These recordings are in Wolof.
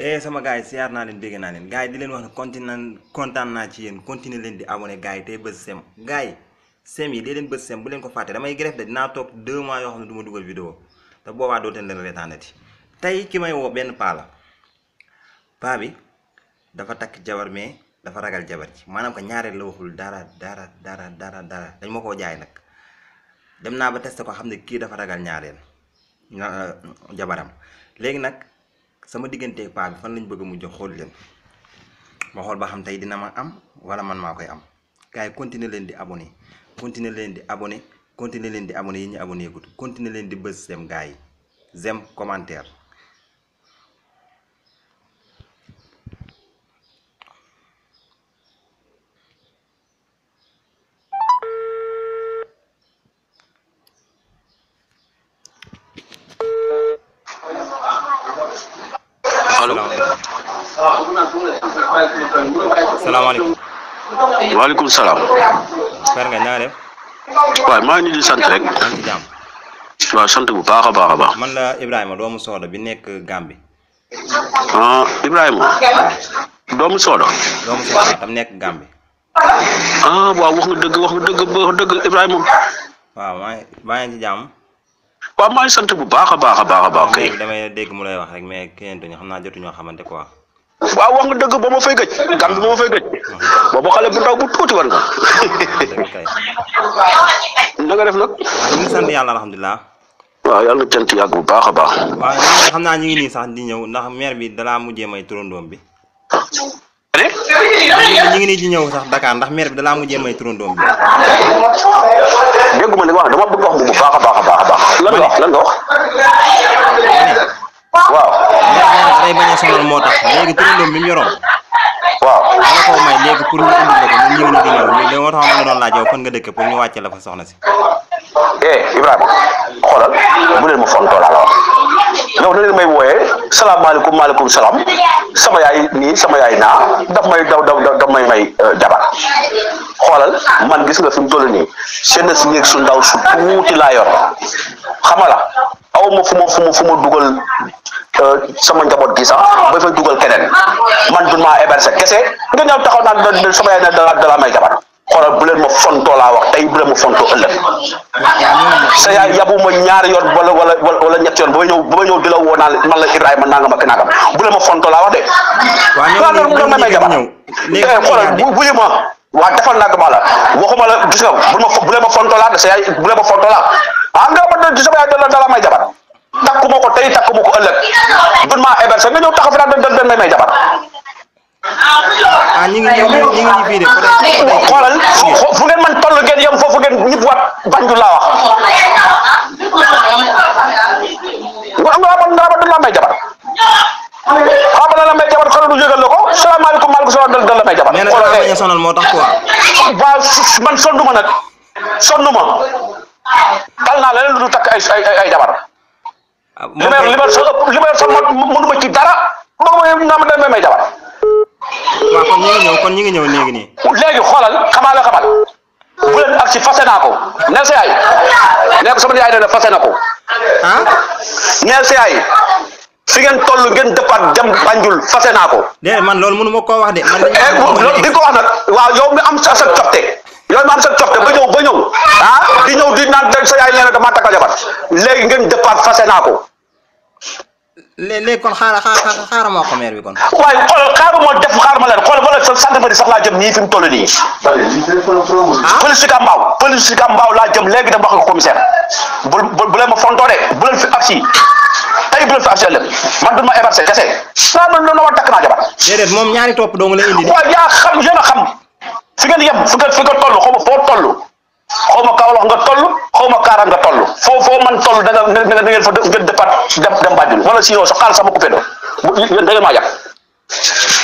Eh, sama gars yi siyaar naa leen bégg naa leen gars yi di leen wax ne continue kontaan naa ci yéen continuer leen di abonné gars yi tey bës sem gars yi yi dee leen bës seem bu leen ko fàtte damay gref de dinaa toog 2 mois yoo xam ne du ma dugal vidéo te boobaa dooteen leen reetaanati tey ki may woo benn paa paa bi dafa takk jabar mais dafa ragal jabar ci maanaam ko ñaareel la waxul dara dara dara dara dara dañ ma koo jaay nag dem naa ba testé ko xam ne kii dafa ragal ñaareel jabaram léegi nag sama diggante paa bi fan lañ bëgg mu jox xool leen ma xool ba xam tey dina ma am wala man maa koy am gars yi continuer leen di abonné continuer leen di abone continuer leen di abonné yi ñu abonné gud continuer leen di bës sem gars yi zem commentaire salaamaaleykum. waaleykum salaam. Père Ngagne naa def. maa ngi di sant rek. sant jàmm. waaw sant bu baax a baax a baax. man la Ibrahima doomu Soxla bi nekk Gambie. ah Ibrahima. Ah. doomu Soxla. doomu tam nekk Gambie. ah waaw wax nga dëgg wax nga dëgg wax dëgg Ibrahima. waaw maa ngi maa ngi ci jàmm. waaw maa ngi sant bu baax a baax a baax a baax kay. damay dégg mu lay wax rek mais kenn duñu xam naa jotuñoo xamante quoi. waaw wax nga dëgg ba ma fay gej gam bi ma fay gëj bo xale bu ndaw bu tuti war nga na nga def nak ñu sant yalla alhamdullilah wa yalla tant yag bu baaxa baax wa ñu xam ñu ngi ni sax di ñew ndax mer bi da la mujjé may turundom bi ñi ngi ni di ñew sax Dakar ndax mer bi da la mujjé may turundom bi degguma li wax dama bëgg wax bu baaxa baaxa baax lan nga wax lan nga wax waaw lay bañ a sonal moo tax léegi turandoom bi mu yoroon. waaw dana ko may léegi pour ko ñun na si. eh xoolal mu fontoo laa la wax yow da leen may salaamaaleykum maaleykum salaam sama yaay nii sama yaay naa daf may daw daw may may euh, jabar xoolal man gis nga fi mu toll nii seen si néeg su ndaw su tuuti laa yor xamala aw ma fu ma dugal Euh, sama njaboot gi sax ba fay dugal keneen man dun maa héberger kese nga ñëw taxaw naan sama yaay dala dala may jabar xoolal bu leen ma fonto laa wax tey bu leen ma fonto ëllëg sa yaay yabu ma ñaari yoon wala wala wala ñett yoon ba ñëw ba ñëw di la woo naan man la Ibrahima nangam ak nangam bu leen ma fonto laa wax de waaw loolu mu may jabar eh xoolal bu bu ma waa defal nag ma la waxuma la gis nga bu ma bu leen ma fonto laa sa yaay bu leen ma fonto laa ah, nga ma de sama yaay dala dala may jabar takku ma ko tey takku ma ko ëllëg dun maa hébergé nga ñëw dañ dañ may jabar ah ñi ngi ñi ngi ñi ngi biire xolal fu ngeen man tollu ngeen yam fofu ngeen wat bandu la wax nga la may jabar xabal la may jabar xolal du yegal lako salam alaykum malikum salam dal dal may jabar neena dara baña sonal motax quoi ba man sonduma nak sonduma dal na la lu tak ay ay jabar li may li may sa li may sa ma ci dara loolu mooy naa ma dem may may jabar. waaw kon ñu ngi ñëw kon ñu ngi ñëw léegi nii. léegi xoolal xamaa la xamal bu leen ak si fase naa ko neel sa yaay nee ko sama yaay nee na fase na ko ah neel sa yaay fi ngeen toll ngeen dëppaat dem Banjul fase naa ko. déedéet man loolu mënu ma koo wax de. Eh, di ko wax nag waaw yow mi am sa sa coppite. yooyu ma am seen coppite ba ñëw ba ñëw ah di ñëw di naan sa yaay nee na damaa takk jabar léegi ngeen départ fase naa ko. léeg kon xaaral xaaral xaaral maa ko meer bi kon. waaye xoolal xaaral ma def xaaral ma leen xool wala sa centre sax laa jëm nii fi mu toll nii. Ah? police Kambaaw police Kambaaw laa jëm léegi dama wax ko commissaire bu bu bu leen ma fontoone bu fi agsi tey bu leen fi agsi ëllëg man du ma éversé kese saa ma noonu ma takk naa jabar. déedéet moom ñaari topp dong la indi. waaw yaa fi ngeen yem fi nga fi nga tollu xawma foo toll xawma kaolax nga tollu xawma kara nga tollu fo fo man tollu da nga da nga ngeen fa de pat dem dem bàjjul wala sinon sa xal sama coupé do da nga ma yak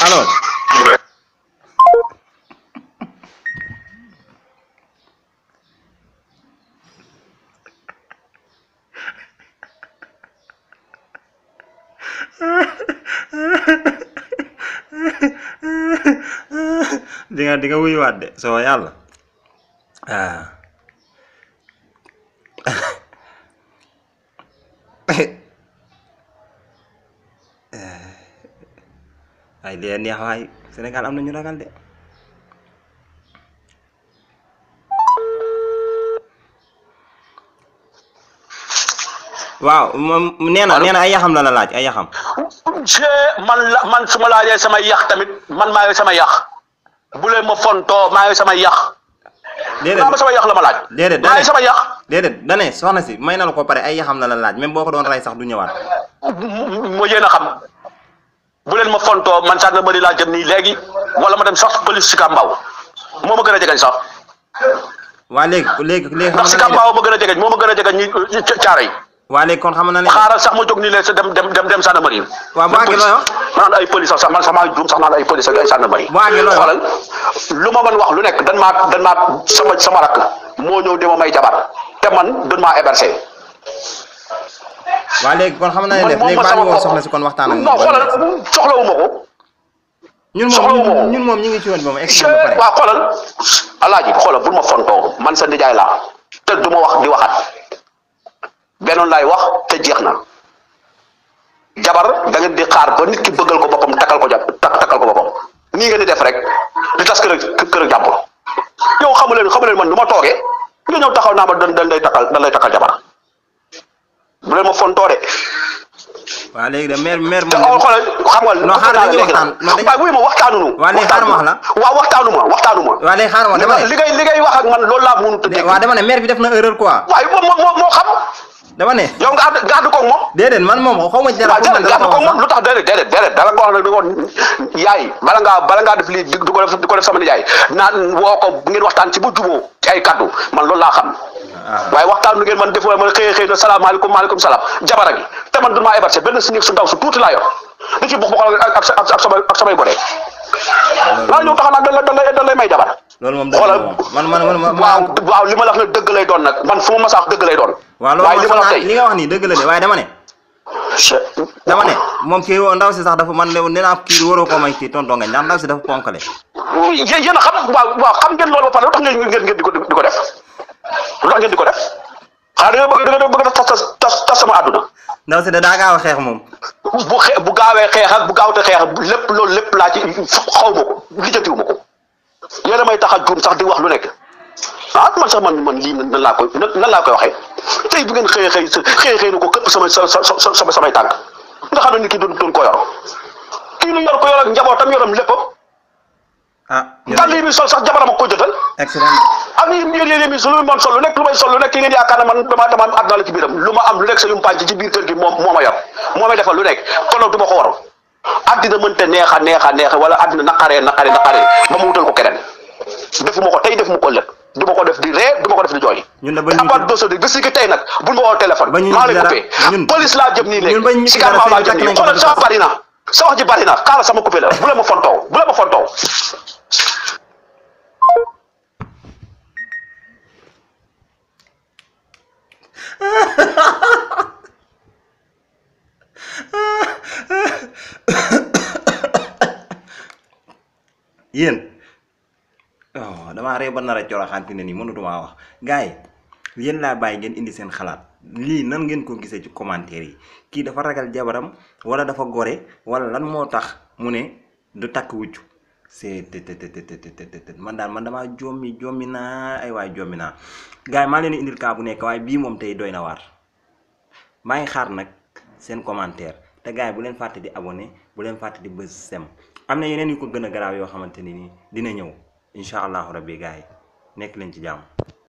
alors di nga di nga wuyuwaat de soo yàlla waaw ay leen ya waay senegal amna ñu ragal de waaw moom nee ay yaxam la la laaj ay yaxam. man man suma laaje sama yax tamit man maa sama yax bu len ma fonto ma ngi sama yakh dedet ma sama yakh la ma laaj dedet ma sama yakh dedet dané soxna si may na la ko pare ay yaxam la la laaj même boko don ray sax du ñëwaat mo yéen xam bu len ma fonto man sànga bëri laa jëm ni légui wala ma dem sax police ci kambaaw moo ma gën a jegeñ sax waa léegi légui léegi ndax ci kambaaw ma gëna jëgëñ jegeñ moo ma gën a jegeñ ñi caara yi kon xam na né xaaral sax mo jog ni lé sa dem dem dem sa na bari wa bu àggee looy naan ay police sax man sama juum sax naan ay police ak ay gendarmerie xoolal lu ma wax lu nekk dan maa dan maa sama sama rak moo ñëw di ma may jabar te man dan maa hébergé waa léegi kon xam na ne def léegi baa ngi woon kon waxtaan ak non xoolal soxlawu ma ko ñun moom ñun moom ñi ngi ci woon moom ex waa xoolal alaaji xoolal bul ma fontoo man sa ndijaay laa te du wax di waxat benoon laay wax te jeex nah. jabar da nga di xaar ba nit ki bëggal ko boppam takal ko jàpp takal ko boppam nii ngeen di def rek di tas kër kër jàpp yow xamu leen xamu leen man nu ma toogee nga ñëw taxaw naa ma dan lay takal dan lay takal jabar bu leen ma fontoore waaw léegi de mer mer moom xoolal xam nga non xaaral dañuy waxtaan waaye wuy ma waxtaanunu waaw léegi xaar ma la waaw waxtaanu ma waxtaanu ma waaw léegi xaar ma dama ne li ngay li ngay wax ak man loolu laa mënut a dégg dama ne mer bi def na erreur quoi waaye moo moo xam dama ne yow nga ànd ko mom deden man mom xawma ci dara déedéet ko mom lutax moom lu tax dara ko déedéet wax nag ko yaay bala nga bala nga def li di ko def di ko def sama yaay na wo ko ngeen waxtan ci bu djubo ci ay kaddu man loolu la xam ah. waye waxtan ngeen man defoo man xëy salam alaykum wa alaykum salam jabar ak te man duma héberger benn si néeg su ndaw su tuuti la yor ni ci bu bokkal ak ak sama ak samay gone laa ñëw taxaw nag da lay da lay may jabar loolu mom da man man man waaw waaw li la wax nag dëgg lay don nak man fu ma sax deug lay don waaw loolu moom li nga wax nii dëgg la de waaye dama ne. dama ne moom kii ndaw si sax dafa man ne nee naa kii waroo ko may kii tonton nga ndax ndaw si dafa ponkale. yéen a xam waaw waaw xam ngeen loolu ba pare lu tax ngeen ngeen di ko di ko def lu tax ngeen di ko def xanaa da nga bëgg da nga bëgg tas tas tas sama àdduna. ndaw si da daa gaaw a xeex moom. bu xe bu gaawee xeex ak bu gaawte xeex ak lépp loolu lépp laa ci xaw ma ko lijjatiwuma ko yéen a may tax a juum sax di wax lu nekk. ah man sax man man lii nan laa koy nan laa koy waxee tey bu ngeen xëyee xëy xëyee xëy na ko këpp sama sa sa samay tànk nga xam ne ni kii doon doon ko yor kii nu yor ko yor ak njabootam yoram lépp. ah dàll yi muy sol sax jabaram ak ko jotal. excellent ak yéen yéen mi su lu man sol lu nekk lu may sol lu nekk yi ngeen yaakaar ne man dama dama am àdduna la ci biiram lu ma am lu nekk sa yu mu pànc ci biir kër gi moom moo ma yor moo may defal lu nekk konoon du ma ko waral àddina mënta neexa neexa neexa wala àddina naqaree naqaree naqaree ba mu wutal ko keneen defuma ko tey defuma ko ëllëg duma ko def di ree duma ko def di jooy ñun da bañ ñu de bisi ki tay nak buñ ma woo téléphone ma lay coupé police la jëm ni nek ci kan ma jëm ni xolal sama bari na ji bari na kala sama coupé la bu la ma fonto bu la ma fonto oh damaa ree ba nar a coroxante ni munu mënutuma wax gay yeen la laa ngeen indi sen xalat li nan ngeen ko gisee ci commentaire yi ki dafa ragal jabaram wala dafa gore wala lan motax mune du tak wuccu c'est man dal man dama jommi jommi na ay way jommi na gay ma maa leen indil kaa bu nek way bi mom tay doyna war waar ngi xaar nak sen commentaire te gay bu leen fatte di abonné bu leen fatte di bës sem am yenen yeneen yu ko gëna graw yo xamanteni ni dina ñew incha allahu rabbi gars yi nekk leen ci jàmm.